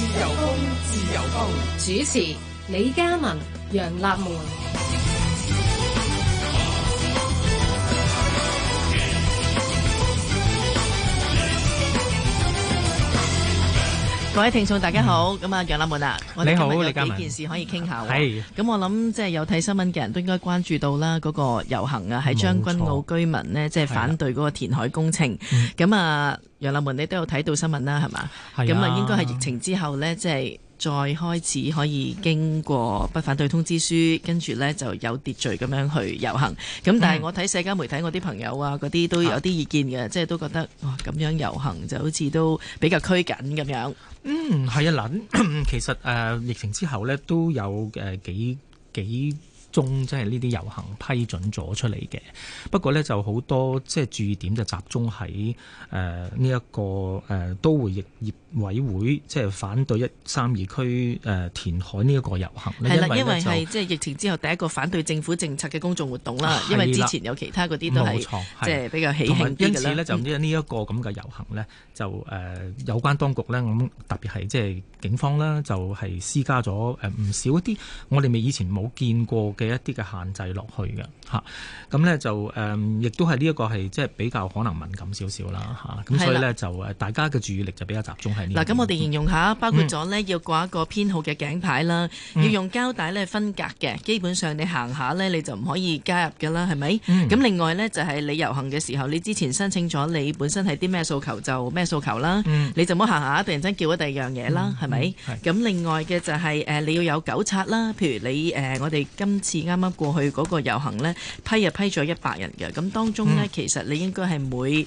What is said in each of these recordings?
自由風，自由風。主持：李嘉文、楊立門。各位聽眾大家好，咁啊楊立門啊，我哋今日有幾件事可以傾下。咁我諗即係有睇新聞嘅人都應該關注到啦，嗰個遊行啊，喺將軍澳居民呢，即係錯反對嗰個填海工程。咁、嗯、啊，楊立門你都有睇到新聞啦，係嘛？咁啊，應該係疫情之後呢，即、就、係、是、再開始可以經過不反對通知書，跟住呢就有秩序咁樣去遊行。咁但係我睇社交媒體，我啲朋友啊，嗰啲都有啲意見嘅，嗯、即係都覺得哇，咁樣遊行就好似都比較拘謹咁樣。嗯，係啊，嗱，其實誒、呃、疫情之後咧都有誒、呃、幾幾宗即係呢啲遊行批准咗出嚟嘅，不過咧就好多即係注意點就集中喺誒呢一個誒、呃、都會業業。委會即係反對一三二區誒、呃、填海呢一個遊行。係啦的，因為係即係疫情之後第一個反對政府政策嘅公眾活動啦。的因為之前有其他嗰啲都係錯即係比較喜慶。同埋，因此呢、嗯、就呢一個咁嘅遊行呢，就誒、呃、有關當局呢，咁特別係即係警方呢，就係施加咗誒唔少一啲我哋未以前冇見過嘅一啲嘅限制落去嘅嚇。咁呢，就誒、是，亦、啊呃、都係呢一個係即係比較可能敏感少少啦嚇。咁、啊、所以呢，的就誒，大家嘅注意力就比較集中。嗱，咁我哋形容下，包括咗呢，要掛一個編號嘅頸牌啦，嗯、要用膠帶呢分隔嘅，基本上你行下呢，你就唔可以加入㗎啦，係咪？咁、嗯、另外呢，就係你遊行嘅時候，你之前申請咗你本身係啲咩訴求就咩訴求啦，嗯、你就唔好行下突然間叫咗第二樣嘢啦，係咪？咁另外嘅就係誒你要有糾察啦，譬如你誒我哋今次啱啱過去嗰個遊行呢，批啊批咗一百人嘅，咁當中呢，其實你應該係每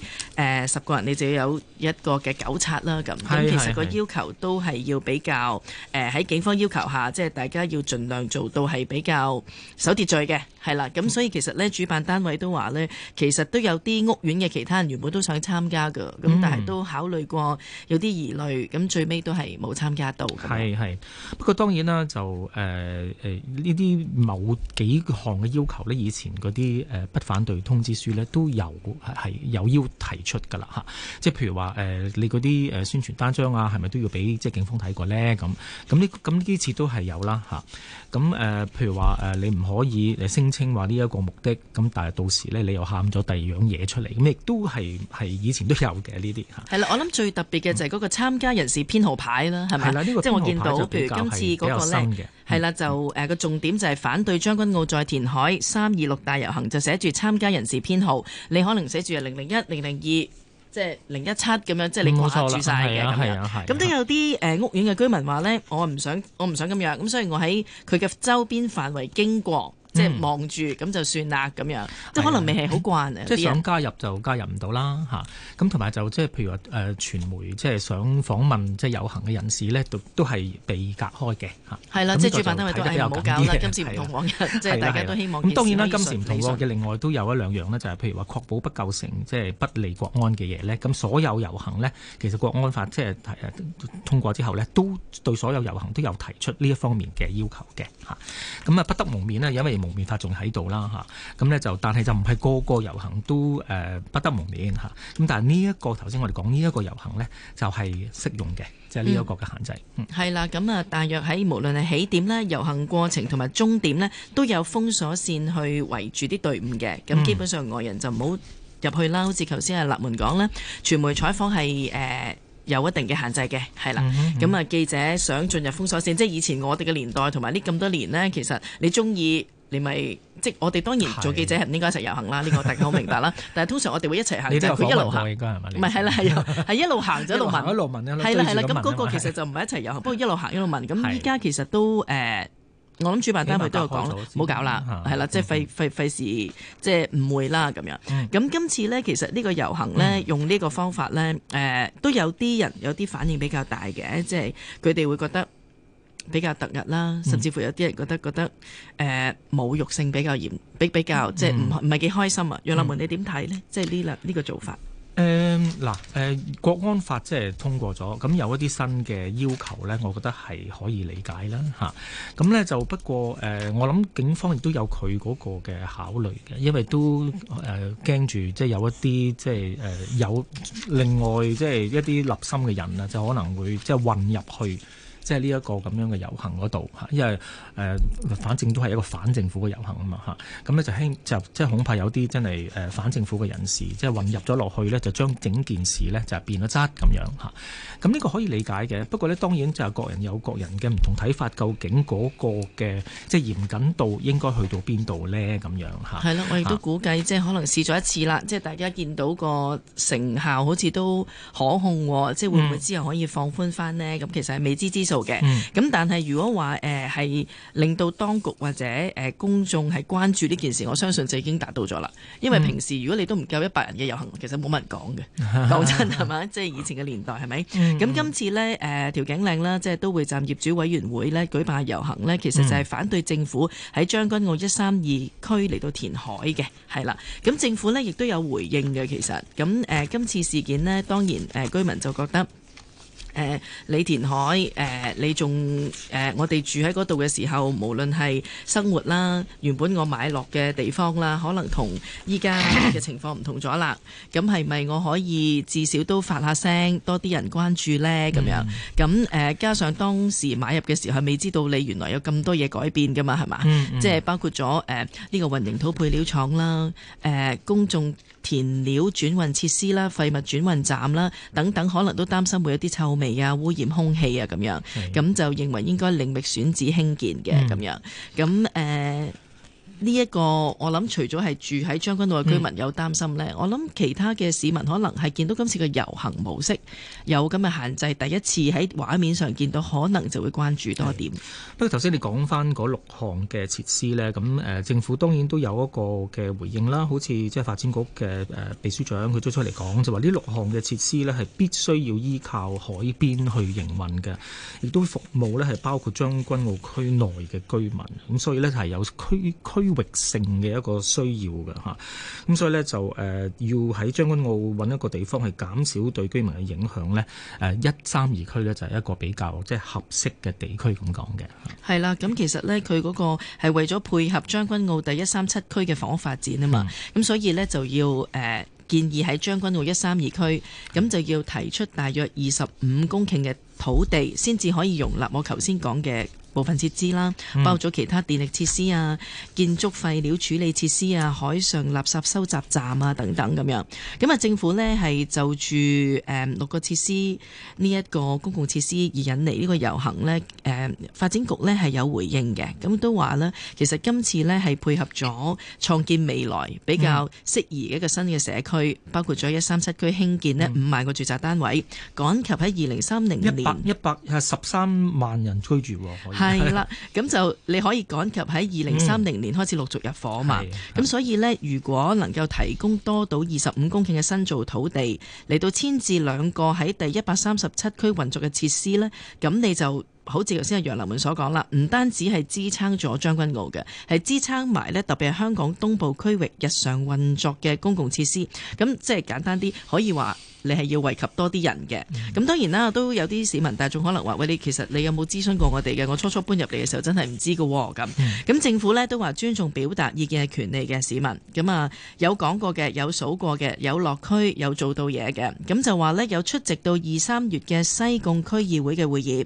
誒十個人你就要有一個嘅糾察啦，咁。咁其實個要求都係要比較誒，喺，呃，警方要求下，即係大家要盡量做到係比較守秩序嘅。係啦，咁所以其實咧，主辦單位都話咧，其實都有啲屋苑嘅其他人原本都想參加㗎，咁但係都考慮過有啲疑慮，咁最尾都係冇參加到的。係係，不過當然啦，就誒誒呢啲某幾項嘅要求呢，以前嗰啲誒不反對通知書呢，都有係有要提出㗎啦嚇。即係譬如話誒、呃，你嗰啲誒宣傳單張啊，係咪都要俾即係警方睇過咧？咁咁呢咁呢次都係有啦嚇。咁、啊、誒、啊、譬如話誒，你唔可以升。清話呢一個目的咁，但係到時呢，你又喊咗第二樣嘢出嚟咁，亦都係係以前都有嘅呢啲嚇，係啦。我諗最特別嘅就係嗰個參加人士編號牌啦，係咪、嗯？係啦吧，即係我見到，譬如今次嗰個呢，呢、這個編號牌就係新嘅。係、嗯、啦，就誒個、呃、重點就係反對將軍澳再填海三二六大遊行，就寫住參加人士編號，你可能寫住零零一零零二，即係零一七咁樣，即係你冇寫住曬嘅。咁都有啲誒屋苑嘅居民話呢，我唔想我唔想咁樣咁，所以我喺佢嘅周邊範圍經過。即係望住咁就算啦，咁樣即係可能未係好慣。即係想加入就加入唔到啦，吓。咁同埋就即係譬如話誒，傳媒即係想訪問即係遊行嘅人士咧，都都係被隔開嘅吓。係啦，即係主辦單位都係冇搞啦。今時唔同往日，即係大家都希望。咁當然啦，今時唔同嘅。另外都有一兩樣咧，就係譬如話確保不構成即係不利國安嘅嘢咧。咁所有遊行咧，其實國安法即係通過之後咧，都對所有遊行都有提出呢一方面嘅要求嘅。嚇，咁啊不得蒙面咧，因為蒙面法仲喺度啦嚇。咁咧就，但係就唔係個個遊行都誒不得蒙面嚇。咁但係呢一個，頭先我哋講呢一個遊行咧，就係適用嘅，即係呢一個嘅限制。嗯，係啦，咁啊，大約喺無論係起點咧、遊行過程同埋終點咧，都有封鎖線去圍住啲隊伍嘅。咁基本上外人就唔好入去啦。好似頭先係立門講咧，傳媒採訪係誒。有一定嘅限制嘅，係啦。咁啊，記者想進入封鎖線，即係以前我哋嘅年代同埋呢咁多年呢，其實你中意，你咪即我哋當然做記者係唔應該一齊遊行啦。呢個大家好明白啦。但係通常我哋會一齊行，即係佢一路行唔係係啦係，一路行一路問一路問係啦係啦，咁嗰個其實就唔係一齊遊行，不過一路行一路問。咁依家其實都誒。我諗主辦單位都有講啦，唔好搞啦，係啦、嗯，即係費費費事，即係唔會啦咁樣。咁今、嗯嗯、次咧，其實這個遊呢個遊行咧，用呢個方法咧，誒、呃、都有啲人有啲反應比較大嘅，即係佢哋會覺得比較突兀啦，甚至乎有啲人覺得覺得誒侮辱性比較嚴，比比較即係唔唔係幾開心啊？楊立門，你點睇咧？即係呢兩呢個做法？誒嗱，誒、嗯呃、國安法即係通過咗，咁有一啲新嘅要求咧，我覺得係可以理解啦嚇。咁咧就不過誒、呃，我諗警方亦都有佢嗰個嘅考慮嘅，因為都誒驚住即係有一啲即係誒、呃、有另外即係一啲立心嘅人啊，就可能會即係混入去。即係呢一個咁樣嘅遊行嗰度嚇，因為誒、呃、反正都係一個反政府嘅遊行嘛啊嘛嚇，咁咧就興就即係恐怕有啲真係誒、呃、反政府嘅人士，即係混入咗落去呢，就將整件事呢就變咗質咁樣嚇。咁、啊、呢個可以理解嘅，不過呢，當然就係各人有各人嘅唔同睇法，究竟嗰個嘅即係嚴謹度應該去到邊度呢？咁樣嚇。係、啊、啦，我亦都估計、啊、即係可能試咗一次啦，即係大家見到個成效好似都可控，即係會唔會之後可以放寬返呢？咁、嗯、其實係未知之數嘅，咁、嗯、但係如果話誒係令到當局或者誒、呃、公眾係關注呢件事，我相信就已經達到咗啦。因為平時如果你都唔夠一百人嘅遊行，其實冇乜人講嘅，講真係嘛，即係、 就是、以前嘅年代係咪？咁、嗯、今次呢誒、呃，調景嶺啦，即係都會站業主委員會咧，舉辦遊行呢，其實就係反對政府喺將軍澳一三二區嚟到填海嘅，係啦。咁政府呢亦都有回應嘅，其實咁誒、呃、今次事件呢，當然誒、呃、居民就覺得。誒、呃，你填海誒、呃，你仲誒、呃，我哋住喺嗰度嘅時候，無論係生活啦，原本我買落嘅地方啦，可能同依家嘅情況唔同咗啦。咁係咪我可以至少都發下聲，多啲人關注咧？咁樣，咁、嗯呃、加上當時買入嘅時候，未知道你原來有咁多嘢改變噶嘛，係嘛？嗯嗯即係包括咗誒呢個混凝土配料廠啦，誒、呃、公眾。填料轉運設施啦、廢物轉運站啦等等，可能都擔心會有啲臭味啊、污染空氣啊咁樣，咁的就認為應該另覓選址興建嘅咁、嗯、樣，咁、呃、誒。呢一，這個我諗除咗係住喺將軍澳嘅居民有擔心咧，嗯、我諗其他嘅市民可能係見到今次嘅遊行模式有咁嘅限制，第一次喺畫面上見到，可能就會關注多一點。不過頭先你講翻嗰六項嘅設施咧，咁誒政府當然都有一個嘅回應啦。好似即係發展局嘅誒秘書長佢追出嚟講就話，是，呢六項嘅設施咧係必須要依靠海邊去營運嘅，亦都服務咧係包括將軍澳區內嘅居民。咁所以咧係有區區。區域性嘅一個需要嘅吓，咁所以呢，就誒要喺將軍澳揾一個地方去減少對居民嘅影響呢，誒一三二區呢，就係一個比較即係合適嘅地區咁講嘅。係啦，咁其實呢，佢嗰個係為咗配合將軍澳第一三七區嘅房屋發展啊嘛，咁的所以呢，就要誒建議喺將軍澳一三二區，咁就要提出大約二十五公頃嘅土地先至可以容納我頭先講嘅。部分設施啦，包括咗其他電力設施啊、嗯、建築廢料處理設施啊、海上垃圾收集站啊等等咁樣。咁啊，政府呢係就住誒六個設施呢，一個公共設施而引嚟呢個遊行呢。誒發展局呢係有回應嘅，咁都話呢，其實今次呢係配合咗創建未來比較適宜嘅一個新嘅社區，嗯、包括咗一三七區興建呢五萬個住宅單位，嗯、趕及喺二零三零年一百一百一十三萬人居住。可以係啦，咁就你可以趕及喺二零三零年開始陸續入伙嘛。咁、嗯、所以呢，如果能夠提供多到二十五公頃嘅新造土地嚟到遷置兩個喺第一百三十七區運作嘅設施呢，咁你就。好似頭先阿楊立文所講啦，唔單止係支撐咗將軍澳嘅，係支撐埋呢特別係香港東部區域日常運作嘅公共設施。咁即係簡單啲，可以話你係要惠及多啲人嘅。咁當然啦，都有啲市民，但仲可能話：喂，你其實你有冇諮詢過我哋嘅？我初初搬入嚟嘅時候真係唔知㗎咁。咁政府呢都話尊重表達意見嘅權利嘅市民。咁啊，有講過嘅，有數過嘅，有落區有做到嘢嘅。咁就話呢，有出席到二三月嘅西貢區議會嘅會議。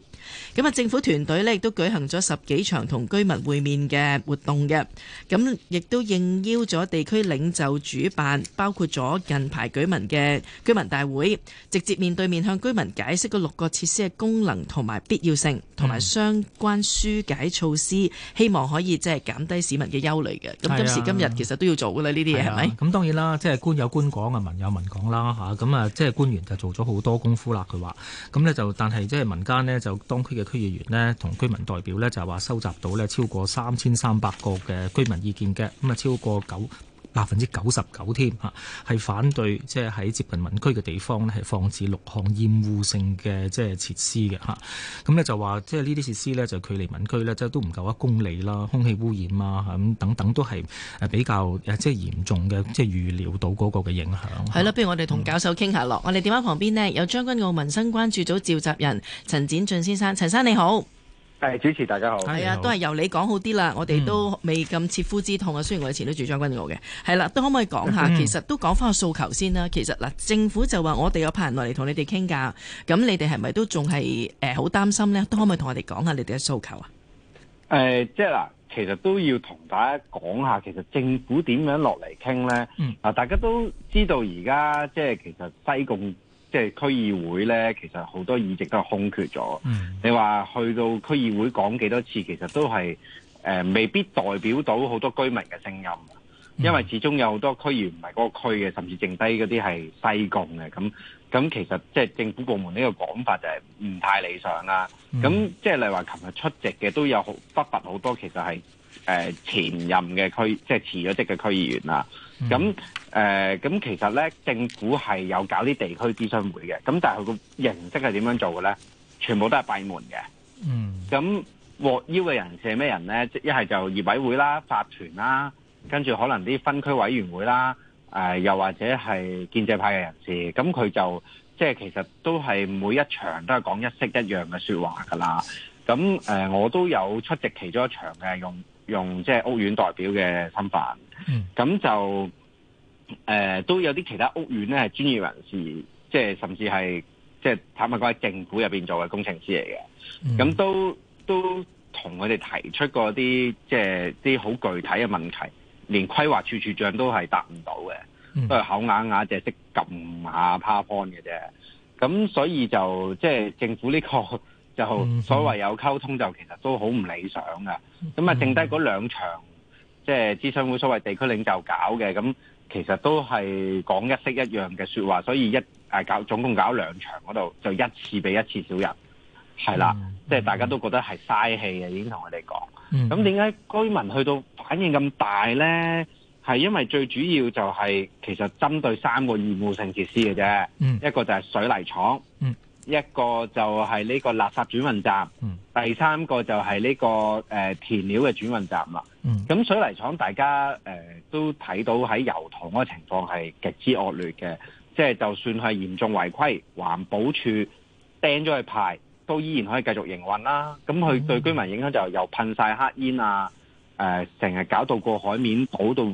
咁政府團隊咧亦都舉行咗十幾場同居民會面嘅活動嘅，咁亦都應邀咗地區領袖主辦，包括咗近排居民嘅居民大會，直接面對面向居民解釋嗰六個設施嘅功能同埋必要性，同埋相關疏解措施，希望可以即係減低市民嘅憂慮嘅。咁今時今日其實都要做噶啦，呢啲嘢係咪？咁吧、啊、當然啦，即係官有官講啊，民有民講啦吓，咁啊，即係官員就做咗好多功夫啦，佢話。咁呢，就，但係即係民間呢，就當區嘅區議員咧同居民代表咧就話，收集到咧超過三千三百個嘅居民意見嘅，咁啊超過九。百分之九十九添吓，係反對即係喺接近民居嘅地方咧，係放置六項厭惡性嘅即係設施嘅吓。咁呢就話即係呢啲設施呢就距離民居呢，即係都唔夠一公里啦，空氣污染啊咁等等都係誒比較誒即係嚴重嘅，即係預料到嗰個嘅影響。係啦，不如我哋同教授傾下落。嗯、我哋電話旁邊呢，有將軍澳民生關注組召集人陳展浚先生，陳生你好。誒，主持大家好，係啊，都係由你講好啲啦。我哋都未咁切膚之痛啊。嗯、雖然我以前都住將軍澳嘅，係啦、啊，都可唔可以講下？嗯、其實都講翻個訴求先啦。其實嗱，政府就話我哋有派人落嚟，同你哋傾噶，咁你哋係咪都仲係誒好擔心呢？都可唔可以同我哋講下你哋嘅訴求啊？誒、呃，即係嗱，其實都要同大家講下，其實政府點樣落嚟傾呢？啊、嗯呃，大家都知道而家即係其實西貢。即係區議會咧，其實好多議席都係空缺咗。嗯、你話去到區議會講幾多次，其實都係誒、呃，未必代表到好多居民嘅聲音。因為始終有好多區議員唔係嗰個區嘅，甚至剩低嗰啲係西貢嘅。咁咁其實即係政府部門呢個講法就係唔太理想啦。咁即係例如話，琴日出席嘅都有不乏好多，其實係誒、呃、前任嘅區，即係辭咗職嘅區議員啦。咁誒，咁、嗯呃、其實咧，政府係有搞啲地區諮詢會嘅，咁但係佢個形式係點樣做嘅咧？全部都係閉門嘅。嗯。咁獲邀嘅人士係咩人咧？即一係就業委會啦、法團啦，跟住可能啲分區委員會啦，誒、呃，又或者係建制派嘅人士。咁佢就即係、就是、其實都係每一場都係講一式一樣嘅說話噶啦。咁、呃、我都有出席其中一場嘅，用用即係屋苑代表嘅身份。咁、嗯、就誒、呃、都有啲其他屋苑咧，係專業人士，即係甚至係即係坦白講喺政府入邊做嘅工程師嚟嘅。咁、嗯、都都同佢哋提出過啲即係啲好具體嘅問題，連規劃處處長都係答唔到嘅，嗯、都係口啞啞，即係識撳下 power point 嘅啫。咁所以就即係政府呢個就所謂有溝通，就其實都好唔理想嘅。咁啊、嗯，就剩低嗰兩場，即係諮詢會所謂地區領袖搞嘅，咁其實都係講一式一樣嘅說話，所以一誒、啊、搞總共搞兩場嗰度，就一次比一次少人，係啦，嗯、即係大家都覺得係嘥氣嘅，已經同我哋講。咁點解居民去到反應咁大呢？係因為最主要就係其實針對三個義務性設施嘅啫，嗯、一個就係水泥廠。嗯一個就係呢個垃圾轉運站，嗯、第三個就係呢、這個誒填、呃、料嘅轉運站啦。咁、嗯、水泥廠大家誒、呃、都睇到喺油塘嗰個情況係極之惡劣嘅，即、就、係、是、就算係嚴重違規，環保署掟咗佢牌都依然可以繼續營運啦。咁佢對居民影響就又噴晒黑煙啊，誒成日搞到個海面倒到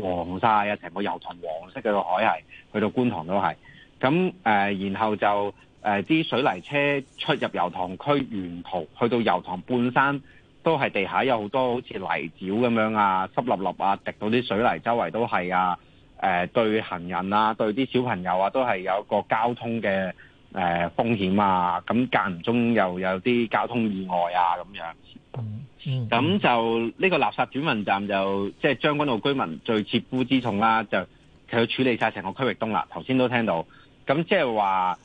黃晒呀，成個油塘黃色嘅個海係，去到觀塘都係。咁誒、呃，然後就～誒啲、呃、水泥車出入油塘區沿途，去到油塘半山都係地下有好多好似泥沼咁樣啊，濕粒粒啊，滴到啲水泥周圍都係啊，誒、呃、對行人啊，對啲小朋友啊，都係有個交通嘅誒、呃、風險啊，咁、嗯、間唔中又有啲交通意外啊咁樣。咁、嗯嗯、就呢、這個垃圾轉運站就即係將軍澳居民最切膚之痛啦、啊，就佢要處理晒成個區域東啦。頭先都聽到，咁即係話。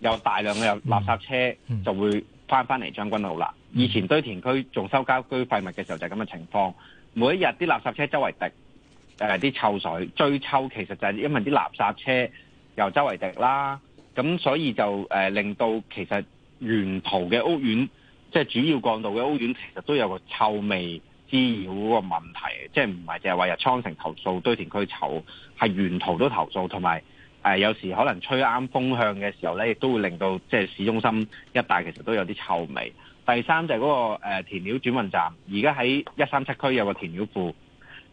有大量嘅垃圾車就會翻翻嚟,將軍澳啦。以前堆填區仲收家居廢物嘅時候就係咁嘅情況，每一日啲垃圾車周圍滴，誒、呃、啲臭水最臭其實就係因為啲垃圾車又周圍滴啦。咁所以就誒、呃、令到其實沿途嘅屋苑，即、就、係、是、主要幹道嘅屋苑，其實都有個臭味滋擾嗰個問題，即係唔係淨係話日倉城投訴堆填區臭，係沿途都投訴同埋。誒、呃、有時可能吹啱風向嘅時候咧，亦都會令到即係、就是、市中心一帶其實都有啲臭味。第三就係嗰、那個、呃、填料轉運站，而家喺一三七區有個填料庫。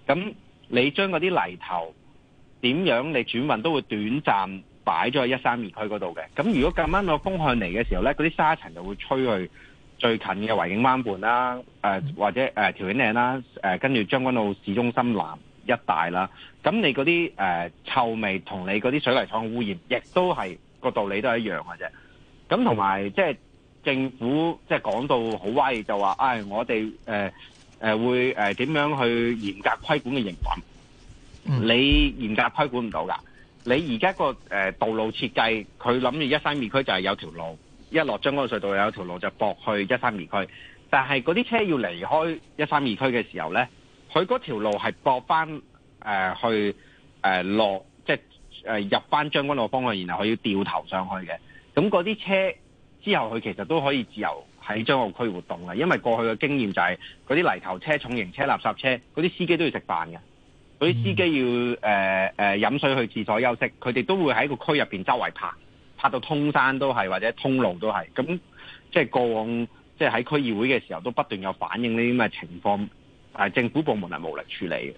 咁你將嗰啲泥頭點樣你轉運都會短暫擺咗喺一三二區嗰度嘅。咁如果咁啱個風向嚟嘅時候咧，嗰啲沙塵就會吹去最近嘅維景灣畔啦、呃，或者誒調景嶺啦，跟、呃、住將軍澳市中心南一帶啦。咁你嗰啲誒臭味同你嗰啲水泥廠污染，亦都係、嗰個道理都係一樣嘅啫。咁同埋即係政府即係講到好威，就話誒、哎，我哋誒誒會誒點、呃、樣去嚴格規管嘅營運。嗯、你嚴格規管唔到㗎。你而家個誒道路設計，佢諗住一三二區就係有條路，一落將軍澳隧道有條路就駁去一三二區，但係嗰啲車要離開一三二區嘅時候咧，佢嗰條路係駁翻。誒、呃、去誒、呃、落即係、呃、入翻將軍澳方向，然後佢要掉頭上去嘅。咁嗰啲車之後，佢其實都可以自由喺將軍澳區活動嘅，因為過去嘅經驗就係嗰啲泥頭車、重型車、垃圾車，嗰啲司機都要食飯嘅，嗰啲司機要誒誒飲水去廁所休息，佢哋都會喺個區入面周圍爬，拍到通山都係或者通路都係。咁即係過往，即係喺區議會嘅時候都不斷有反映呢啲咁嘅情況。係政府部門係無力處理嘅，咁、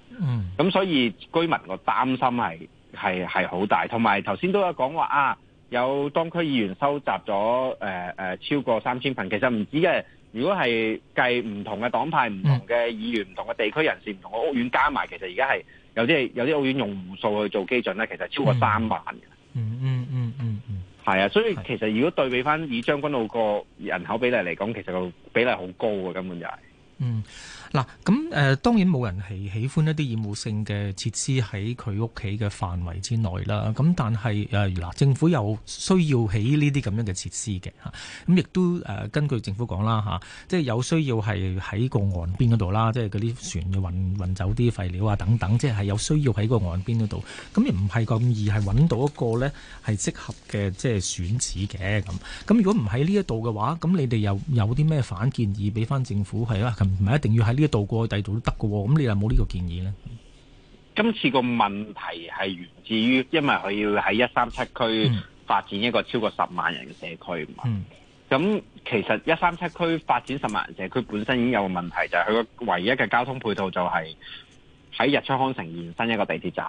嗯、所以居民個擔心係係係好大，同埋頭先都有講話啊，有當區議員收集咗誒誒超過三千份，其實唔止嘅。如果係計唔同嘅黨派、唔同嘅議員、唔、嗯、同嘅地區人士、唔同嘅屋苑加埋，其實而家係有啲有啲屋苑用戶數去做基準咧，其實超過三萬嘅、嗯。嗯嗯嗯嗯嗯，係、嗯、啊、嗯，所以其實如果對比翻以將軍澳個人口比例嚟講，其實個比例好高嘅，根本就係、是。嗯，嗱，咁、呃、誒，當然冇人係喜歡一啲厭惡性嘅設施喺佢屋企嘅範圍之內啦。咁但係誒，嗱、呃，政府有需要起呢啲咁樣嘅設施嘅吓，咁、啊、亦都誒、呃，根據政府講啦吓，即係有需要係喺個岸邊嗰度啦，即係嗰啲船運運走啲廢料啊等等，即係有需要喺個岸邊嗰度。咁亦唔係咁易，係揾到一個咧係適合嘅即係選址嘅咁。咁如果唔喺呢一度嘅話，咁你哋又有啲咩反建議俾翻政府係啊？唔係一定要喺呢一度過去，第度都得嘅。咁你有冇呢個建議呢？今次個問題係源自於，因為佢要喺一三七區發展一個超過十萬人嘅社區嘛。咁、嗯、其實一三七區發展十萬人社區本身已經有個問題，就係、是、佢個唯一嘅交通配套就係喺日出康城延伸一個地鐵站。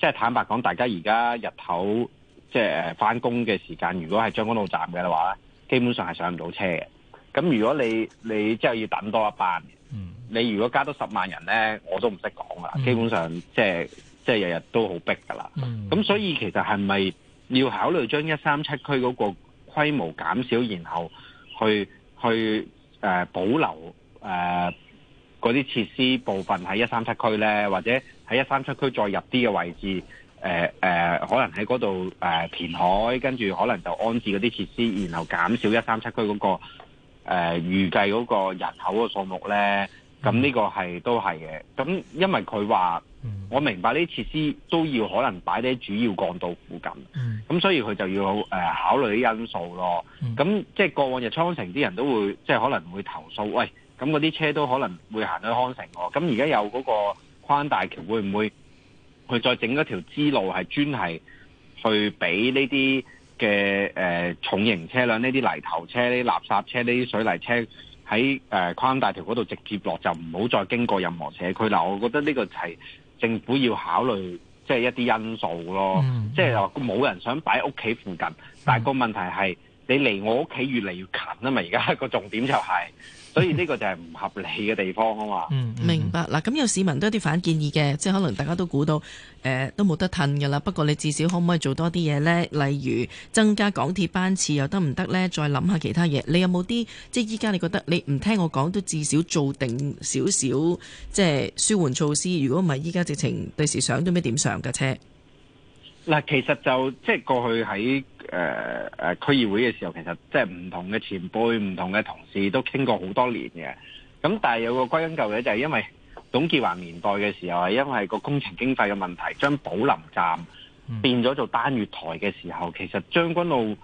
即係坦白講，大家而家日頭即係翻工嘅時間，如果係將軍澳站嘅話，基本上係上唔到車嘅。咁如果你你即係要等多一班，嗯、你如果加多十萬人咧，我都唔識講啦。嗯、基本上即係即係日日都好逼噶啦。咁、嗯、所以其實係咪要考慮將一三七區嗰個規模減少，然後去去誒、呃、保留誒嗰啲設施部分喺一三七區咧，或者喺一三七區再入啲嘅位置誒誒、呃呃、可能喺嗰度誒填海，跟住可能就安置嗰啲設施，然後減少一三七區嗰、嗰個。誒、呃、預計嗰個人口嘅數目咧，咁呢個係都係嘅。咁因為佢話，嗯、我明白呢啲設施都要可能擺喺主要幹道附近，咁、嗯、所以佢就要、呃、考慮啲因素咯。咁即係過往日出康城啲人都會即係、就是、可能會投訴，喂，咁嗰啲車都可能會行到康城喎、哦。咁而家有嗰個跨大橋，會唔會佢再整一條支路係專係去俾呢啲？嘅誒、呃、重型車輛呢啲泥頭車、啲垃圾車、啲水泥車喺誒跨灣大橋嗰度直接落，就唔好再經過任何社區。嗱、呃，我覺得呢個就係政府要考慮即係、就是、一啲因素咯。即係話冇人想擺屋企附近，嗯、但個問題係你離我屋企越嚟越近啊嘛！而家個重點就係、是。所以呢個就係唔合理嘅地方啊嘛！嗯，嗯，明白。嗱，咁有市民都有啲反建議嘅，即係可能大家都估到，誒、呃、都冇得褪嘅啦。不過你至少可唔可以做多啲嘢呢？例如增加港鐵班次又得唔得呢？再諗下其他嘢。你有冇啲即係依家你覺得你唔聽我講、嗯、都至少做定少少，即係舒緩措施。如果唔係依家直情第時想都上都咩點上嘅車？嗱，其實就即係過去喺。誒誒、呃，區議會嘅時候，其實即係唔同嘅前輩、唔同嘅同事都傾過好多年嘅。咁但係有個歸根究底，就係因為董建華年代嘅時候，係因為個工程經費嘅問題，將寶林站變咗做單月台嘅時候，嗯、其實將軍澳誒、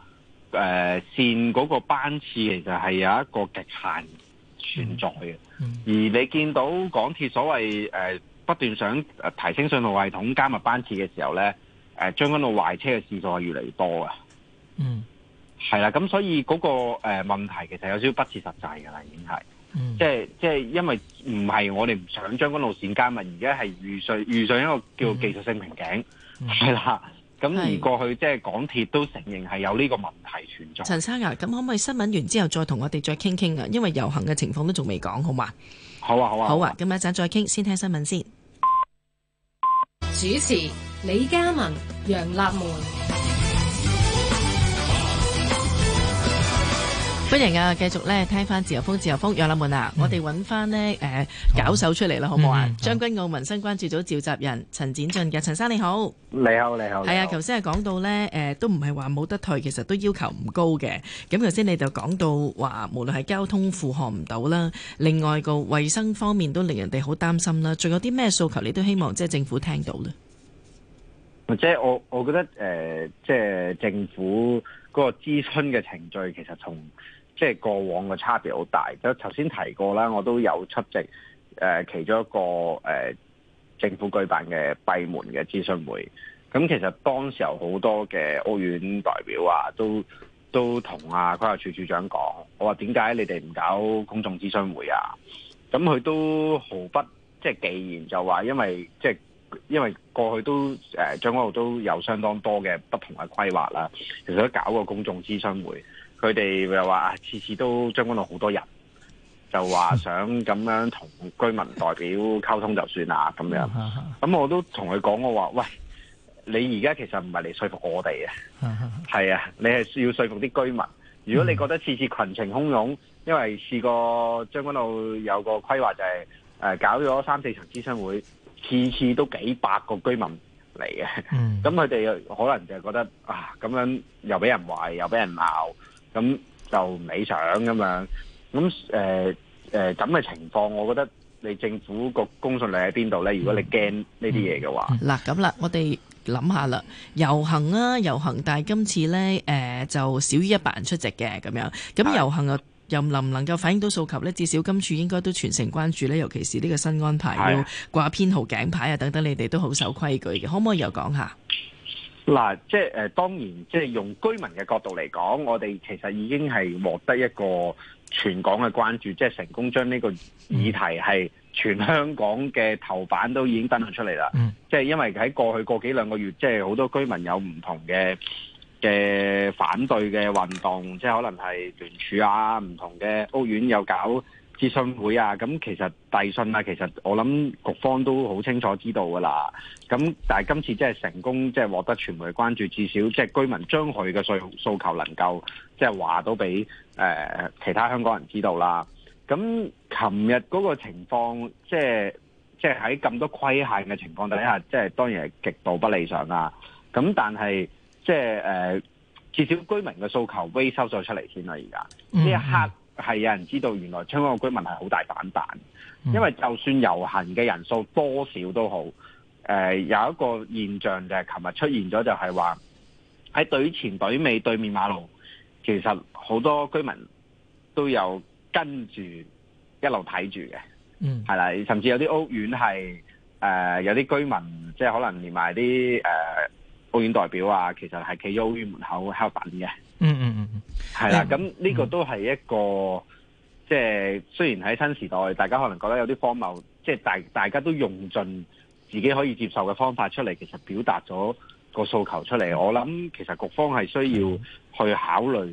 呃、線嗰個班次其實係有一個極限存在嘅。嗯嗯、而你見到港鐵所謂誒、呃、不斷想提升信號系統、加密班次嘅時候咧，誒、呃、將軍澳壞車嘅次數係越嚟越多啊！嗯，係啦，咁所以嗰個誒問題其實有少少不切實際噶啦，已經係，即係即係因為唔係我哋唔想將軍路線加密，而家係遇上遇上一個叫技術性瓶頸，係啦、嗯，咁而過去即係的港鐵都承認係有呢個問題存在。陳生啊，咁可唔可以新聞完之後再同我哋再傾傾啊？因為遊行嘅情況都仲未講，好嘛？好啊，好啊，好啊，咁一陣再傾，先聽新聞先。主持李嘉文、楊立門。歡迎啊！繼續咧聽翻《自由風》，自由風，楊立門啊！嗯、我哋揾翻呢，誒、呃、搞、嗯、手出嚟啦，好唔好啊？嗯、將軍澳民生關注組召集人陳展浚嘅，陳生你好，你好，你好，是啊、你好。係啊，頭先係講到咧，誒，都唔係話冇得退，其實都要求唔高嘅。咁頭先你就講到話，無論係交通負荷唔到啦，另外個衛生方面都令人哋好擔心啦。仲有啲咩訴求你都希望即係政府聽到咧？即係我我覺得誒、即、呃、係、就是、政府嗰個諮詢嘅程序，其實從即係過往嘅差別好大，咁頭先提過啦，我都有出席誒、呃、其中一個誒、呃、政府舉辦嘅閉門嘅諮詢會。咁其實當時候好多嘅屋苑代表啊，都都同啊規劃處處長講，我話點解你哋唔搞公眾諮詢會啊？咁佢都毫不即係、就是、既然就話因為即係、就是、因為過去都誒將軍澳都有相當多嘅不同嘅規劃啦，其實都搞過公眾諮詢會。佢哋又話啊，次次都將軍澳好多人，就話想咁樣同居民代表溝通就算啦咁樣。咁我都同佢講，我話，喂，你而家其實唔係嚟，說服我哋啊，係啊，你係要說服啲居民。如果你覺得次次群情洶湧，嗯、因為試過將軍澳有個規劃就係、是、誒、呃、搞咗三四層諮詢會，次次都幾百個居民嚟嘅。咁佢哋可能就係覺得啊，咁樣又俾人話，又俾人鬧。咁就唔理想咁樣，咁誒誒咁嘅情況，我覺得你政府個公信力喺邊度咧？如果你驚呢啲嘢嘅話，嗱咁啦，我哋諗下啦，遊行啦、啊、遊行，但係今次咧誒、呃、就少於一百人出席嘅咁樣，咁遊行又又能唔能夠反映到訴求咧？至少今次應該都全城關注咧，尤其是呢個新安排要掛編號頸牌啊等等，你哋都好守規矩嘅，嗯、可唔可以又講下？嗱，即係誒當然，即係用居民嘅角度嚟講，我哋其實已經係獲得一個全港嘅關注，即係成功將呢個議題係全香港嘅頭版都已經登上出嚟啦。即係、嗯、因為喺過去過幾兩個月，即係好多居民有唔同嘅嘅反對嘅運動，即係可能係聯署啊，唔同嘅屋苑有搞。諮詢會啊，咁其實遞信啊，其實我諗局方都好清楚知道噶啦。咁但係今次即係成功，即係獲得傳媒關注，至少即係居民將佢嘅訴訴求能夠即係話到俾誒其他香港人知道啦。咁琴日嗰個情況，即係即係喺咁多規限嘅情況底下，即係當然係極度不理想啦、啊。咁但係即係誒、呃，至少居民嘅訴求收咗出嚟先啦。而家呢一刻。嗯係有人知道原來香港嘅居民係好大反彈，因為就算遊行嘅人數多少都好，誒、呃、有一個現象就係琴日出現咗，就係話喺隊前隊尾對面馬路，其實好多居民都有跟住一路睇住嘅，係啦、嗯，甚至有啲屋苑係誒、呃、有啲居民即係可能連埋啲誒屋苑代表啊，其實係企喺屋苑門口喺度等嘅。嗯嗯嗯，係、嗯、啦，咁、嗯、呢個都係一個，即、就、係、是、雖然喺新時代，大家可能覺得有啲荒謬，即係大大家都用盡自己可以接受嘅方法出嚟，其實表達咗個訴求出嚟。我諗其實局方係需要去考慮。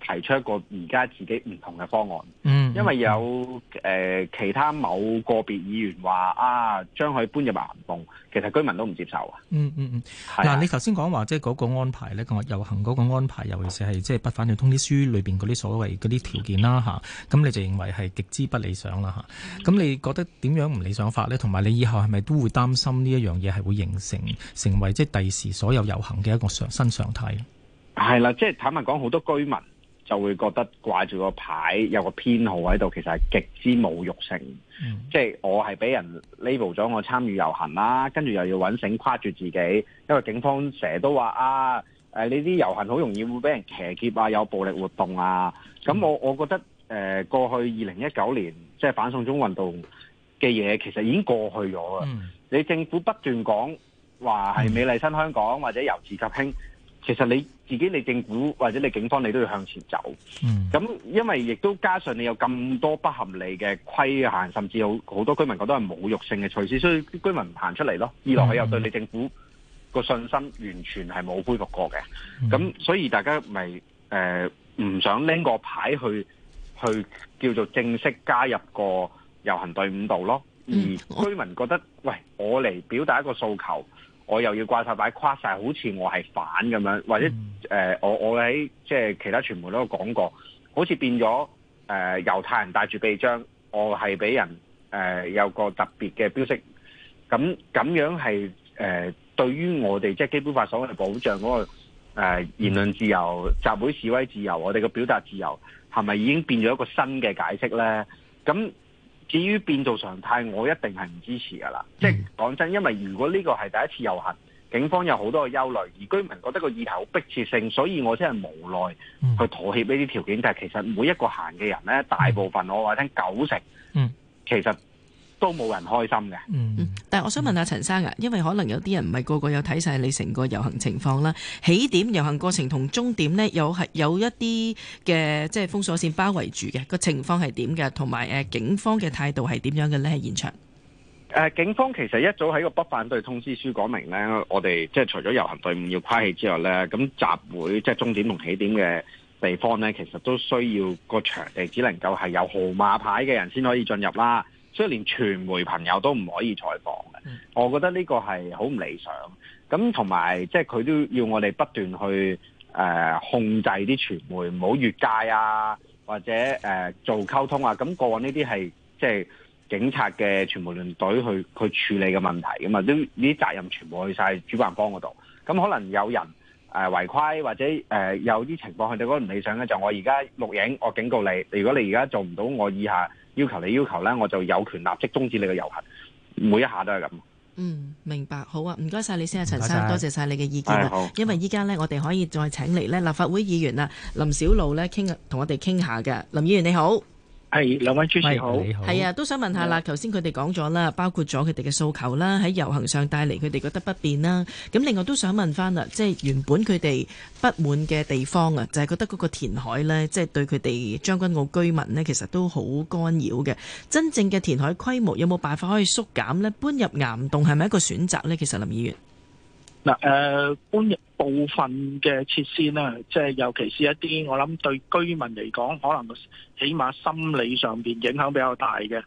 提出一個而家自己唔同嘅方案，嗯，因為有誒其他某個別議員話啊，將佢搬入埋銀行，其實居民都唔接受啊、嗯。嗯嗯嗯，嗱的，你頭先講話即係嗰個安排呢，講遊行嗰個安排，尤其是係即係不反對通知書裏邊嗰啲所謂嗰啲條件啦嚇，咁的、啊、你就認為係極之不理想啦嚇。咁、啊、你覺得點樣唔理想法呢？同埋你以後係咪都會擔心呢一樣嘢係會形成成為即係第時所有遊行嘅一個常新常態？係啦，即係坦白講，好多居民。就會覺得掛住個牌有個編號喺度，其實係極之侮辱性。嗯、即係我係俾人 label 咗，我參與遊行啦，跟住又要揾繩跨住自己，因為警方成日都話啊，呃、你呢啲遊行好容易會俾人騎劫啊，有暴力活動啊。咁、嗯、我我覺得誒、呃、過去二零一九年即係反送中運動嘅嘢，其實已經過去咗啊。嗯、你政府不斷講話係美麗新香港或者由治及興。其實你自己，你政府或者你警方，你都要向前走。咁、嗯、因為亦都加上你有咁多不合理嘅規限，甚至有好多居民覺得係侮辱性嘅措施，所以居民唔行出嚟咯。二來佢又對你政府個信心完全係冇恢復過嘅。咁、嗯、所以大家咪誒、唔想拎個牌去去叫做正式加入個遊行隊伍度咯。嗯、而居民覺得，喂，我嚟表達一個訴求。我又要掛曬牌跨晒好似我係反咁樣，或者誒、呃，我我喺即係其他傳媒都有講過，好似變咗誒猶太人戴住臂章，我係俾人誒、呃、有個特別嘅標識，咁咁樣係誒、呃、對於我哋即係基本法所謂保障嗰個、呃、言論自由、集會示威自由、我哋嘅表達自由，係咪已經變咗一個新嘅解釋咧？咁至於變做常態，我一定係唔支持噶啦。即係講真，因為如果呢個係第一次遊行，警方有好多嘅憂慮，而居民覺得個議題好迫切性，所以我真係無奈去妥協呢啲條件。嗯、但係其實每一個行嘅人咧，大部分、嗯、我話聽九成，嗯、其實。都冇人開心嘅。嗯，但係我想問下陳生啊，因為可能有啲人唔係個個有睇晒你成個遊行情況啦，起點遊行過程同終點呢，有係有一啲嘅即係封鎖線包圍住嘅個情況係點嘅，同埋誒警方嘅態度係點樣嘅呢？喺現場、呃。警方其實一早喺個不反對通知書講明呢，我哋即係除咗遊行隊伍要誇氣之外呢，咁集會即係終點同起點嘅地方呢，其實都需要個場地只能夠係有號碼牌嘅人先可以進入啦。即係連傳媒朋友都唔可以採訪嘅，我覺得呢個係好唔理想。咁同埋即係佢都要我哋不斷去誒、呃、控制啲傳媒，唔好越界啊，或者誒、呃、做溝通啊。咁過往呢啲係即係警察嘅傳媒聯隊去去處理嘅問題咁啊，都呢啲責任全部去晒主辦方嗰度。咁可能有人誒違規或者誒、呃、有啲情況佢哋覺得唔理想咧，就我而家錄影，我警告你，如果你而家做唔到我以下。要求你要求呢，我就有權立即終止你嘅遊行，每一下都係咁。嗯，明白，好啊，唔該晒你陳先啊，陳生，多謝晒謝你嘅意見。哎、因為依家呢，我哋可以再請嚟呢立法會議員啊，林筱魯呢，傾，同我哋傾下嘅，林議員你好。係，兩位主持好，係啊，都想問下啦。頭先佢哋講咗啦，包括咗佢哋嘅訴求啦，喺遊行上帶嚟佢哋覺得不便啦。咁另外都想問翻啦，即係原本佢哋不滿嘅地方啊，就係、是，覺得嗰個填海呢，即、就、係、是、對佢哋將軍澳居民呢，其實都好干擾嘅。真正嘅填海規模有冇辦法可以縮減呢？搬入岩洞係咪一個選擇呢？其實林議員，嗱誒、呃，搬入。部分嘅設施咧，即係尤其是一啲我諗對居民嚟講，可能起碼心理上面影響比較大嘅，例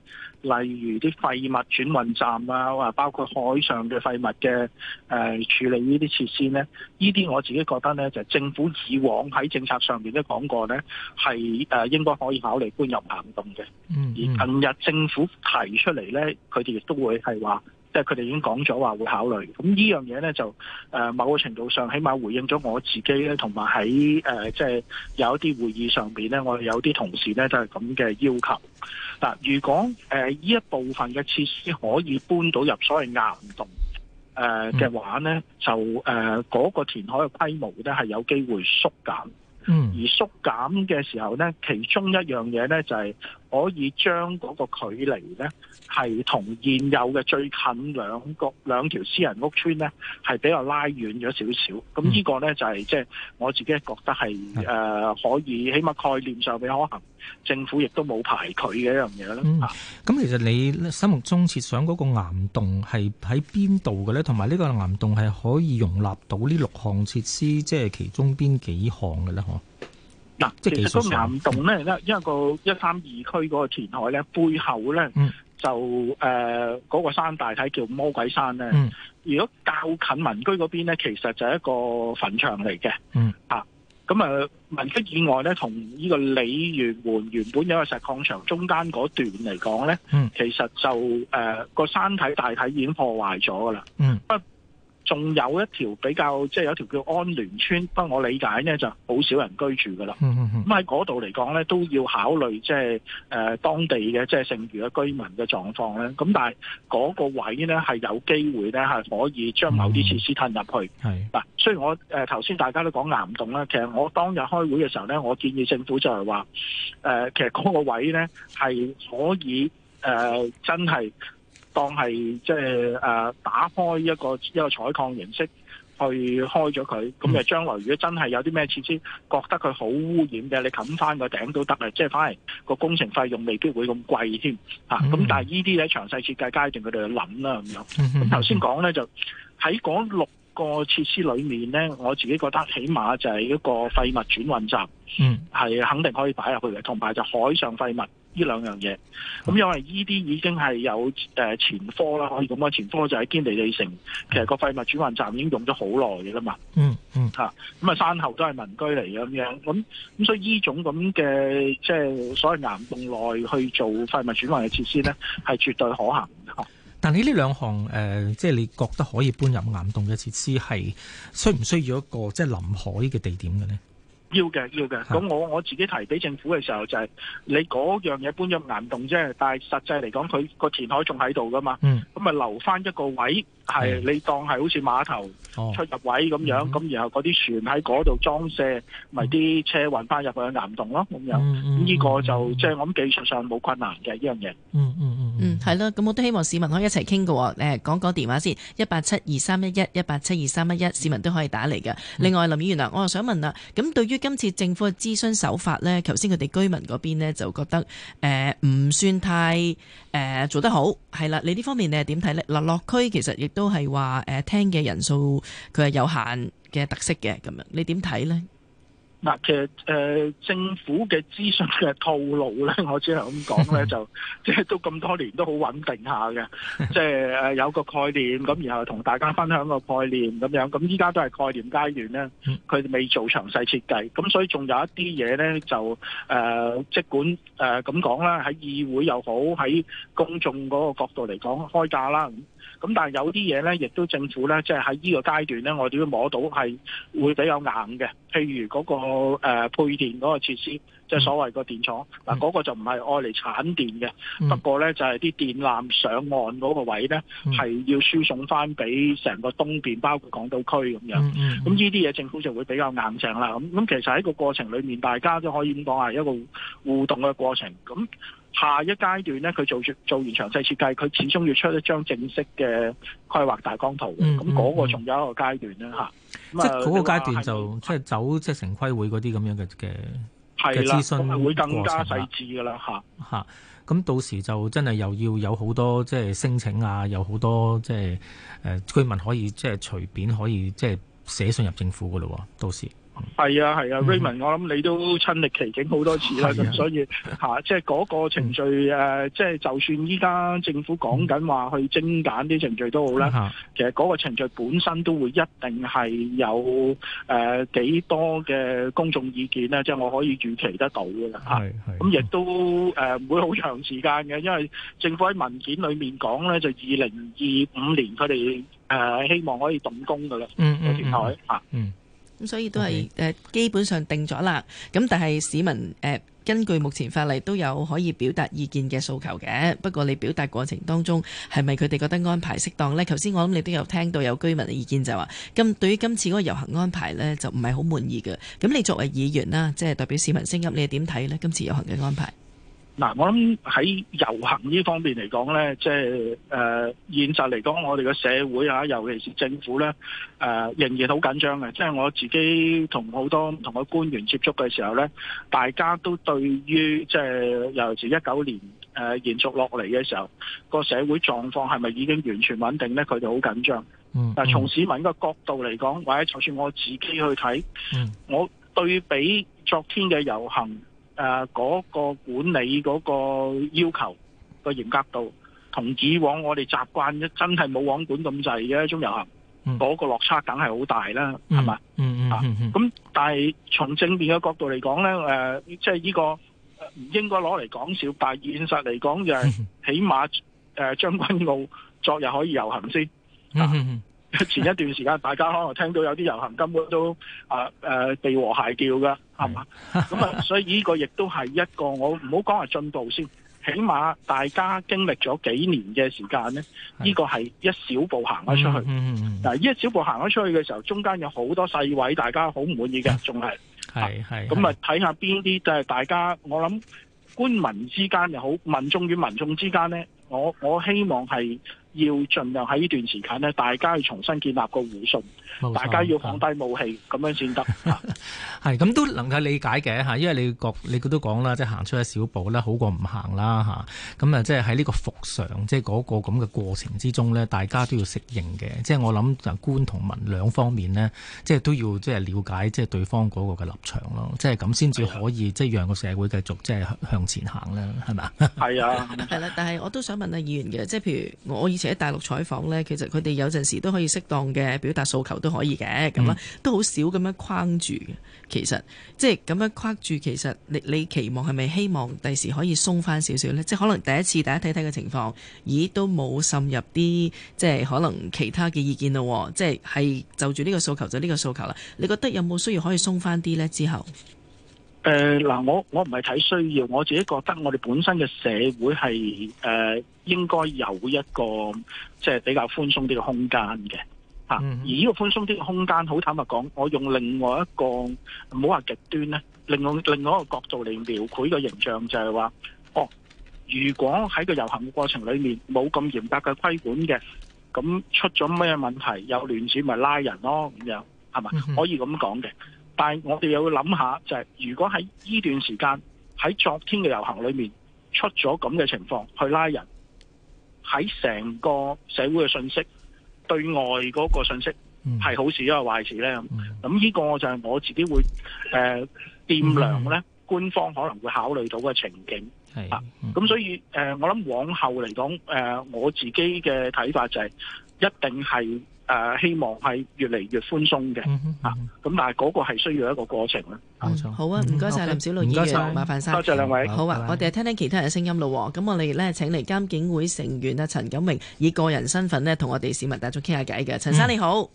如啲廢物轉運站啊，或包括海上嘅廢物嘅誒、呃、處理呢啲設施咧，呢啲我自己覺得咧，就是、政府以往喺政策上面都講過咧，係誒應該可以考慮搬入行動嘅。嗯，而近日政府提出嚟咧，佢哋亦都會係話。即係佢哋已經講咗話會考慮，咁呢樣嘢咧就誒、呃、某個程度上，起碼回應咗我自己咧，同埋喺誒即係有一啲會議上面咧，我哋有啲同事咧都係咁嘅要求。嗱、呃，如果誒呢、呃、一部分嘅設施可以搬到入所謂岩洞誒嘅、呃 mm. 話咧，就誒嗰、呃嗰個填海嘅規模咧係有機會縮減。嗯，而縮減嘅時候咧，其中一樣嘢咧就係、係。可以將嗰個距離呢，係同現有嘅最近兩個，兩條私人屋邨呢，係比較拉遠咗少少。咁呢個呢，就係即係我自己覺得係、嗯呃、可以，起碼概念上邊可能，政府亦都冇排拒嘅一樣嘢啦。咁、嗯、其實你心目中設想嗰個岩洞係喺邊度嘅呢？同埋呢個岩洞係可以容納到呢六項設施，即係其中邊幾項嘅呢？嗱，其實都個岩洞咧，因為個一三二區嗰個填海咧，背後咧就誒嗰個山大體叫魔鬼山咧。嗯嗯、如果較近民居嗰邊咧，其實就係一個墳場嚟嘅。嗯，咁啊，民居以外咧，同呢個鯉魚門原本有個石礦場中間嗰段嚟講咧，嗯、其實就誒個、呃、山體大體已經破壞咗噶啦。嗯，不。仲有一條比較，即係有一條叫安聯村，不過我理解呢，就好少人居住㗎喇。咁喺嗰度嚟講呢，都要考慮即係誒、呃、當地嘅即係剩餘嘅居民嘅狀況咧。咁但係嗰個位呢，係有機會呢，係可以將某啲設施吞入去。係嗱，雖 然樂、 啊、我誒頭先大家都講岩洞啦，其實我當日開會嘅時候呢，我建議政府就係話誒，其實嗰個位呢，係可以誒、呃、真係。當係即係誒，打開一個一個採礦形式去開咗佢，咁就將來如果真係有啲咩設施，覺得佢好污染嘅，你冚翻個頂都得啊！即係反而個工程費用未必會咁貴添吓。咁、嗯啊、但係呢啲喺詳細設計階段就，佢哋要諗啦咁樣。咁頭先講咧就喺嗰六個設施裏面咧，我自己覺得起碼就係一個廢物轉運站，係、嗯、肯定可以擺入去嘅，同埋就海上廢物。呢兩樣嘢，咁因為依啲已經係有誒前科啦，可以咁講，前科就係堅尼地城，其實個廢物轉運站已經用咗好耐嘅啦嘛。嗯嗯，嚇，咁啊山後都係民居嚟嘅咁樣，咁咁所以呢種咁嘅即係所謂岩洞內去做廢物轉運嘅設施咧，係絕對可行。但係呢兩項誒，即、呃、係、就是、你覺得可以搬入岩洞嘅設施，係需唔需要一個即係臨海嘅地點嘅咧？要嘅，要嘅。咁我我自己提俾政府嘅時候就係，你嗰樣嘢搬咗岩洞啫，但係實際嚟講，佢個填海仲喺度噶嘛，咁啊留翻一個位。係你當係好似碼頭出入位咁樣，咁、哦、然後嗰啲船喺嗰度裝卸，咪啲、嗯、車運翻入去岩洞咯，咁樣。呢、嗯、個就即、是、係、嗯、我諗技術上冇困難嘅呢樣嘢。嗯嗯嗯嗯，係咯。咁我都希望市民可以一齊傾嘅。誒，講講電話先，一八七二三一一一八七二三一一，市民都可以打嚟嘅。嗯、另外，林議員啊，我又想問啦，咁對於今次政府嘅諮詢手法呢，頭先佢哋居民嗰邊呢，就覺得誒唔、呃、算太誒、呃、做得好，係啦。你呢方面你係點睇呢？嗱，落區其實亦。都係話誒聽嘅人數佢係有限嘅特色嘅咁樣，你點睇咧？嗱，其實誒、呃、政府嘅諮詢嘅套路咧，我只能咁講咧， 就即係都咁多年都好穩定下嘅，即係誒有個概念咁，然後同大家分享個概念咁樣，咁依家都係概念階段咧，佢未做詳細設計，咁所以仲有一啲嘢咧就誒，即、呃、管誒咁、呃、講啦，喺議會又好，喺公眾嗰個角度嚟講開價啦。咁但係有啲嘢咧，亦都政府咧，即係喺呢個階段咧，我哋都摸到係會比較硬嘅。譬如嗰、那個、呃、配電嗰個設施，即、就、係、是、所謂個電廠嗱，嗰、嗯、個就唔係愛嚟產電嘅，不過咧就係、是、啲電纜上岸嗰個位咧，係、嗯、要輸送翻俾成個東邊包括港島區咁樣。咁呢啲嘢政府就會比較硬淨啦。咁咁其實喺個過程裏面，大家都可以講講係一個互動嘅過程咁。下一階段咧，佢做完做完詳細設計，佢始終要出一張正式嘅規劃大綱圖咁嗰、嗯嗯嗯、個仲有一個階段咧嚇。嗯嗯、即係嗰個階段就是即係走即係城規會嗰啲咁樣嘅嘅嘅諮詢會更加細緻㗎啦嚇嚇。咁程、啊啊、到時就真係又要有好多即係申請啊，有好多即係誒居民可以即係隨便可以即係寫信入政府㗎咯，到時。係啊，係啊，Raymond，、嗯、我諗你都親歷其境好多次啦，咁、啊嗯、所以吓，即係嗰個程序誒，即、啊、係、就是、就算依家政府講緊話去精簡啲程序都好啦，嗯啊、其實嗰個程序本身都會一定係有誒、呃、幾多嘅公眾意見咧，即、就、係、是、我可以預期得到噶啦，咁亦都誒唔、呃、會好長時間嘅，因為政府喺文件裏面講咧就二零二五年佢哋誒希望可以動工噶啦，個平台咁所以都係誒，基本上定咗啦。咁 Okay. 但係市民誒、呃，根據目前法例都有可以表達意見嘅訴求嘅。不過你表達過程當中，係咪佢哋覺得安排適當呢？頭先我諗你都有聽到有居民嘅意見就，就話咁對於今次嗰個遊行安排呢，就唔係好滿意嘅。咁你作為議員啦，即係代表市民聲音，你係點睇呢？今次遊行嘅安排？嗱，我諗喺遊行呢方面嚟講咧，即係誒，現實嚟講，我哋嘅社會啊，尤其是政府咧，誒，仍然好緊張嘅。即係我自己同好多唔同嘅官員接觸嘅時候咧，大家都對於即係尤其是一九年誒延續落嚟嘅時候，個社會狀況係咪已經完全穩定咧？佢哋好緊張。嗯。嗱，從市民嘅角度嚟講，或者就算我自己去睇，嗯，我對比昨天嘅遊行。誒，嗰、呃那個管理嗰個要求、那個嚴格度，同以往我哋習慣真係冇網管咁滯嘅一種遊行，嗰、嗯、個落差梗係好大啦，係嘛、嗯吧嗯？嗯嗯咁、嗯啊、但係從正面嘅角度嚟講咧，誒、呃，即係呢個唔應該攞嚟講笑，但係現實嚟講就係，起碼誒將軍澳昨日可以遊行先。啊嗯嗯嗯、前一段時間 大家可能聽到有啲遊行根本都啊誒、呃呃、被和諧叫噶。係咁啊，所以呢個亦都係一個，我唔好講話進步先，起碼大家經歷咗幾年嘅時間咧，呢 個係一小步行咗出去。嗱，呢一小步行咗出去嘅時候，中間有好多細位，大家好滿意嘅，仲係係係。咁 啊，睇是下邊啲就係、是、大家，我諗官民之間又好，民眾與民眾之間咧，我我希望係。要盡量喺呢段時間呢，大家要重新建立個互信，錯大家要放低武器咁的樣先得。係咁 都能夠理解嘅嚇，因為你覺你佢都講啦，即係行出一小步啦，好過唔行啦嚇。咁啊，即係喺呢個復常，即係嗰個咁嘅、這個、過程之中呢，大家都要適應嘅。即係 我諗，就官同民兩方面呢，即、就、係、是、都要即係了解即係對方嗰個嘅立場咯。即係咁先至可以即係讓個社會繼續即係向前行啦，係咪？係啊，係啦。但係我都想問下議員嘅，即係譬如我以。而且大陸採訪呢，其實佢哋有陣時都可以適當嘅表達訴求都可以嘅，咁啊、嗯、都好少咁樣框住。其實即係咁樣框住，其實你你期望係咪希望第時可以鬆返少少呢？即係可能第一次大家睇睇嘅情況，咦都冇滲入啲即係可能其他嘅意見咯，即係係就住呢個訴求就呢個訴求啦。你覺得有冇需要可以鬆返啲呢？之後？誒，嗱，我我唔係睇需要，我自己覺得我哋本身嘅社會係誒應該有一個即係比較寬鬆啲嘅空間嘅，吓。而呢個寬鬆啲嘅空間，好坦白講，我用另外一個唔好話極端咧，利用另外一個角度嚟描繪個形象，就係話，哦，如果喺個遊行嘅過程裏面冇咁嚴格嘅規管嘅，咁出咗咩問題，有亂子咪拉人咯，咁樣係咪可以咁講嘅？但係我哋又要諗下，就係、是、如果喺呢段時間喺昨天嘅遊行裏面出咗咁嘅情況去拉人，喺成個社會嘅信息對外嗰個信息係好事抑或壞事咧？咁呢、嗯、個就係我自己會誒掂、呃、量咧，官方可能會考慮到嘅情景。係、嗯、啊，咁所以誒、呃，我諗往後嚟講，誒、呃，我自己嘅睇法就係、是、一定係。誒，希望係越嚟越寬鬆嘅吓，咁但係嗰個係需要一個過程啦。冇錯，好啊，唔該晒林筱魯議員，麻煩晒，多謝兩位。好啊，我哋聽聽其他人嘅聲音咯。咁我哋咧請嚟監警會成員啊陳錦榮以個人身份咧同我哋市民大眾傾下偈嘅，陳生你好。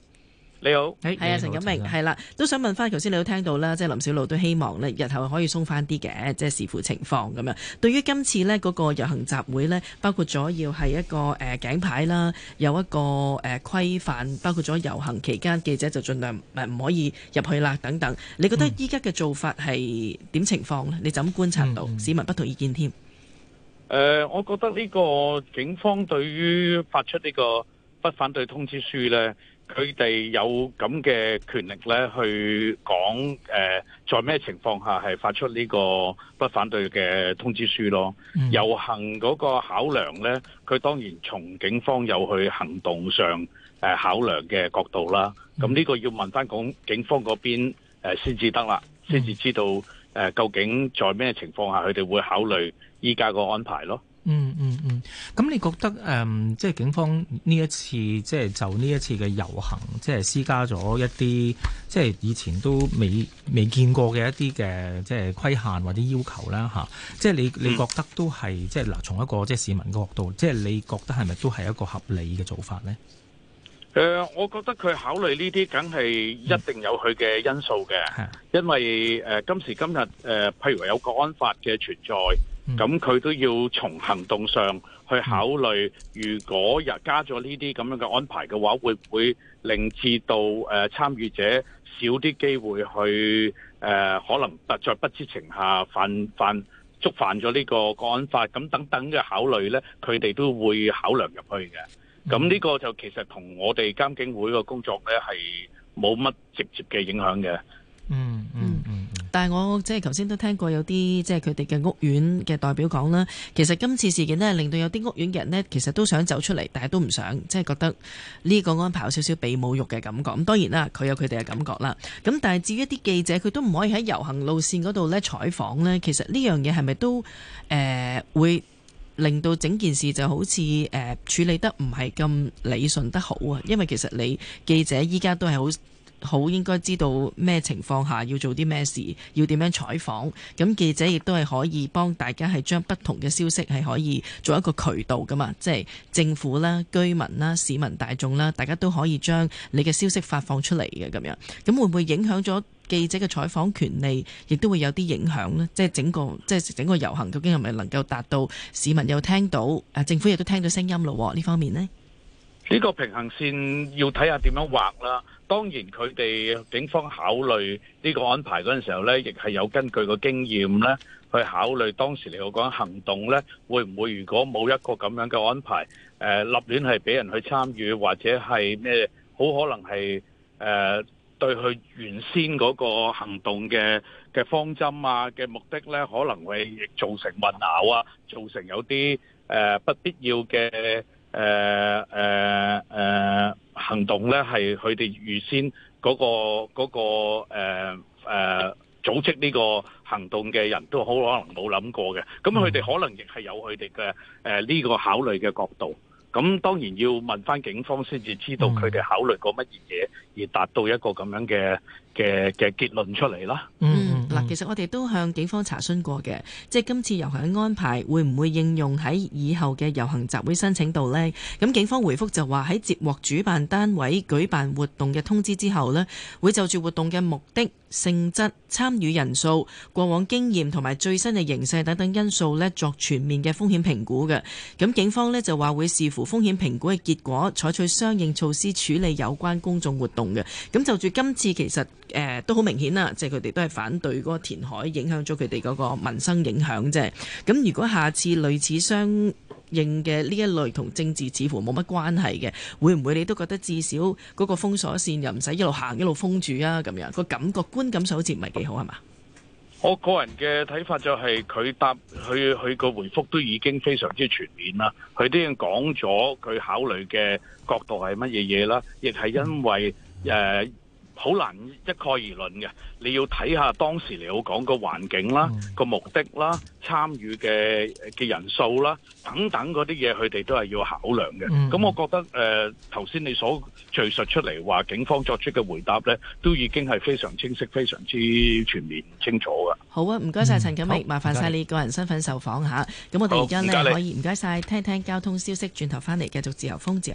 你好，係、哎、好啊，陳錦榮，係啦、啊啊，都想問翻，頭先你都聽到啦，即、就、係、是、林筱魯都希望咧，日後可以鬆翻啲嘅，即係視乎情況咁樣。對於今次呢嗰、那個遊行集會呢，包括咗要係一個誒頸、呃、牌啦，有一個誒規範，包括咗遊行期間記者就盡量唔可以入去啦等等。你覺得依家嘅做法係點情況呢，你就咁觀察到、嗯嗯、市民不同意見添？誒、呃，我覺得呢個警方對於發出呢個不反對通知書呢。佢哋有咁嘅權力咧，去講誒、呃、在咩情況下係發出呢個不反對嘅通知書咯？遊、嗯、行嗰個考量咧，佢當然從警方有去行動上誒、呃、考量嘅角度啦。咁呢、嗯、個要問翻講警方嗰邊誒先至得啦，先、呃、至知道誒、嗯呃、究竟在咩情況下佢哋會考慮依家個安排咯。嗯嗯嗯，咁、嗯嗯、你覺得誒、嗯，即係警方呢一次，即係就呢一次嘅遊行，即係施加咗一啲，即係以前都未未見過嘅一啲嘅，即係規限或者要求啦吓、啊，即係你你覺得都係，嗯、即係嗱，從一個即係市民嘅角度，即係你覺得係咪都係一個合理嘅做法呢？誒、呃，我覺得佢考慮呢啲，梗係一定有佢嘅因素嘅。嗯、因為誒、呃、今時今日誒、呃，譬如有《國安法》嘅存在。咁佢、嗯、都要從行動上去考慮，如果又加咗呢啲咁樣嘅安排嘅話，會唔會令至到誒參與者少啲機會去誒、呃、可能不在不知情下犯犯觸犯咗呢個個案法咁等等嘅考慮咧，佢哋都會考量入去嘅。咁呢個就其實同我哋監警會嘅工作咧係冇乜直接嘅影響嘅、嗯。嗯嗯嗯。但係我即係頭先都聽過有啲即係佢哋嘅屋苑嘅代表講啦，其實今次事件呢，令到有啲屋苑嘅人呢，其實都想走出嚟，但係都唔想，即係覺得呢個安排有少少被侮辱嘅感覺。咁當然啦，佢有佢哋嘅感覺啦。咁但係至於啲記者，佢都唔可以喺遊行路線嗰度呢採訪呢。其實呢樣嘢係咪都誒、呃、會令到整件事就好似誒、呃、處理得唔係咁理順得好啊？因為其實你記者依家都係好。好應該知道咩情況下要做啲咩事，要點樣採訪？咁記者亦都係可以幫大家係將不同嘅消息係可以做一個渠道㗎嘛，即係政府啦、居民啦、市民大眾啦，大家都可以將你嘅消息發放出嚟嘅咁樣。咁會唔會影響咗記者嘅採訪權利，亦都會有啲影響呢？即係整個即係整個遊行，究竟係咪能夠達到市民有聽到，啊政府亦都聽到聲音咯？呢方面呢？呢個平衡線要睇下點樣畫啦。當然佢哋警方考慮呢個安排嗰陣時候呢，亦係有根據個經驗呢去考慮當時嚟講行動呢，會唔會如果冇一個咁樣嘅安排，誒立亂係俾人去參與或者係咩？好可能係誒對佢原先嗰個行動嘅嘅方針啊嘅目的呢，可能會造成混淆啊，造成有啲誒不必要嘅。誒誒誒行動咧，係佢哋預先嗰個嗰個誒誒組織呢個行動嘅人都好可能冇諗過嘅，咁佢哋可能亦係有佢哋嘅誒呢個考慮嘅角度。咁當然要問翻警方先至知道佢哋考慮過乜嘢嘢，而達到一個咁樣嘅。嘅嘅結論出嚟啦，嗯。嗯，嗱、嗯，其實我哋都向警方查詢過嘅，即係今次遊行嘅安排會唔會應用喺以後嘅遊行集會申請度咧？咁警方回覆就話喺接獲主辦單位舉辦活動嘅通知之後咧，會就住活動嘅目的、性質、參與人數、過往經驗同埋最新嘅形勢等等因素咧，作全面嘅風險評估嘅。咁警方咧就話會視乎風險評估嘅結果，採取相應措施處理有關公眾活動嘅。咁就住今次其實。誒、呃、都好明顯啦，即係佢哋都係反對嗰個填海，影響咗佢哋嗰個民生影響啫。咁如果下次類似相應嘅呢一類同政治似乎冇乜關係嘅，會唔會你都覺得至少嗰個封鎖線又唔使一路行一路封住啊？咁樣，嗰個感覺觀感好似唔係幾好係嘛？我個人嘅睇法就係、係，佢答佢佢個回覆都已經非常之全面啦，佢都已經講咗佢考慮嘅角度係乜嘢嘢啦，亦係因為誒。呃好難一概而論嘅，你要睇下當時你好講個環境啦、個、嗯、目的啦、參與嘅嘅人數啦等等嗰啲嘢，佢哋都係要考量嘅。咁、嗯、我覺得誒頭先你所敘述出嚟話警方作出嘅回答咧，都已經係非常清晰、非常之全面清楚嘅。好啊，唔該晒，陳錦榮，麻煩晒你個人身份受訪吓，咁我哋而家咧可以唔該晒聽聽交通消息，轉頭翻嚟繼續自由風自由風。